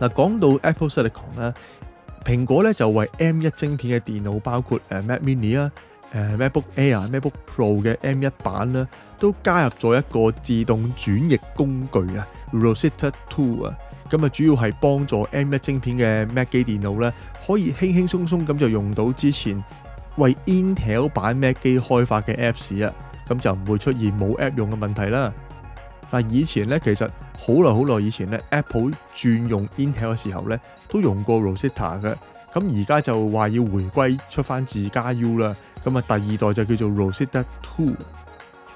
嗱，講到 Apple Silicon 啦，蘋果咧就為 M 一晶片嘅電腦，包括誒 Mac Mini 啦、誒 MacBook Air、MacBook Pro 嘅 M 一版咧，都加入咗一個自動轉譯工具啊，Rosetta Two 啊，咁啊主要係幫助 M 一晶片嘅 Mac 機電腦咧，可以輕輕鬆鬆咁就用到之前為 Intel 版 Mac 機開發嘅 Apps 啊，咁就唔會出現冇 App 用嘅問題啦。嗱，以前咧其實...好耐好耐以前咧，Apple 轉用 Intel 嘅時候咧，都用過 Rosetta 嘅。咁而家就話要回歸出翻自家 U 啦。咁啊，第二代就叫做 Rosetta Two。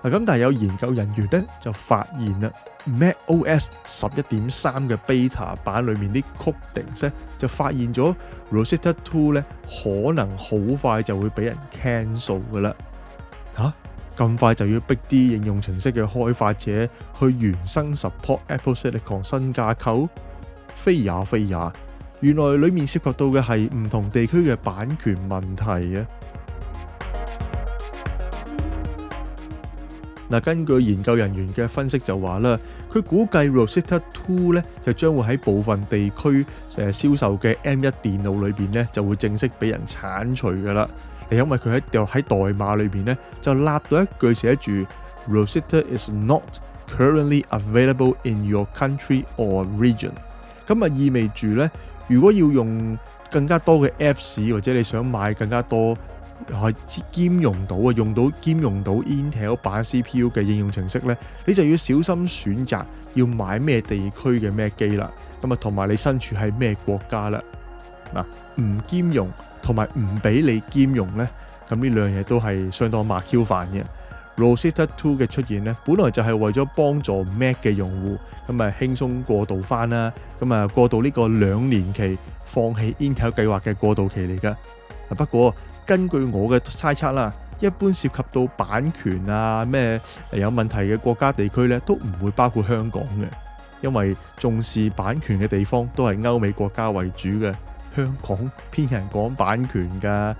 嗱，咁但係有研究人員咧就發現啦，MacOS 十一點三嘅 Beta 版裏面啲 codings 咧，就發現咗 Rosetta Two 咧可能好快就會俾人 cancel 嘅啦。啊咁快就要逼啲應用程式嘅開發者去原生 support Apple Silicon 新架構？非也非也，原來裏面涉及到嘅係唔同地區嘅版權問題嘅。嗱，根據研究人員嘅分析就話啦，佢估計 Rosetta Two 咧就將會喺部分地區誒、呃、銷售嘅 M 一電腦裏面咧就會正式俾人剷除嘅啦。因為佢喺喺代碼裏面咧就立到一句寫住 Rosetta is not currently available in your country or region。咁啊意味住咧，如果要用更加多嘅 Apps 或者你想買更加多。係兼容到啊，用到兼容到 Intel 版 CPU 嘅應用程式咧，你就要小心選擇要買咩地區嘅咩機啦。咁啊，同埋你身處喺咩國家啦？嗱，啊，唔兼容同埋唔俾你兼容咧，咁呢兩樣嘢都係相當麻 Q 煩嘅。Rosetta Two 嘅出現咧，本來就係為咗幫助 Mac 嘅用戶咁啊，輕鬆過渡翻啦。咁啊，過渡呢個兩年期放棄 Intel 計劃嘅過渡期嚟噶。不過。根據我嘅猜測啦，一般涉及到版權啊咩有問題嘅國家地區呢，都唔會包括香港嘅，因為重視版權嘅地方都係歐美國家為主嘅。香港邊人講版權㗎？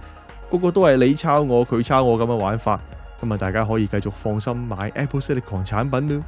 個個都係你抄我，佢抄我咁嘅玩法。咁啊，大家可以繼續放心買 Apple Silicon 產品咯。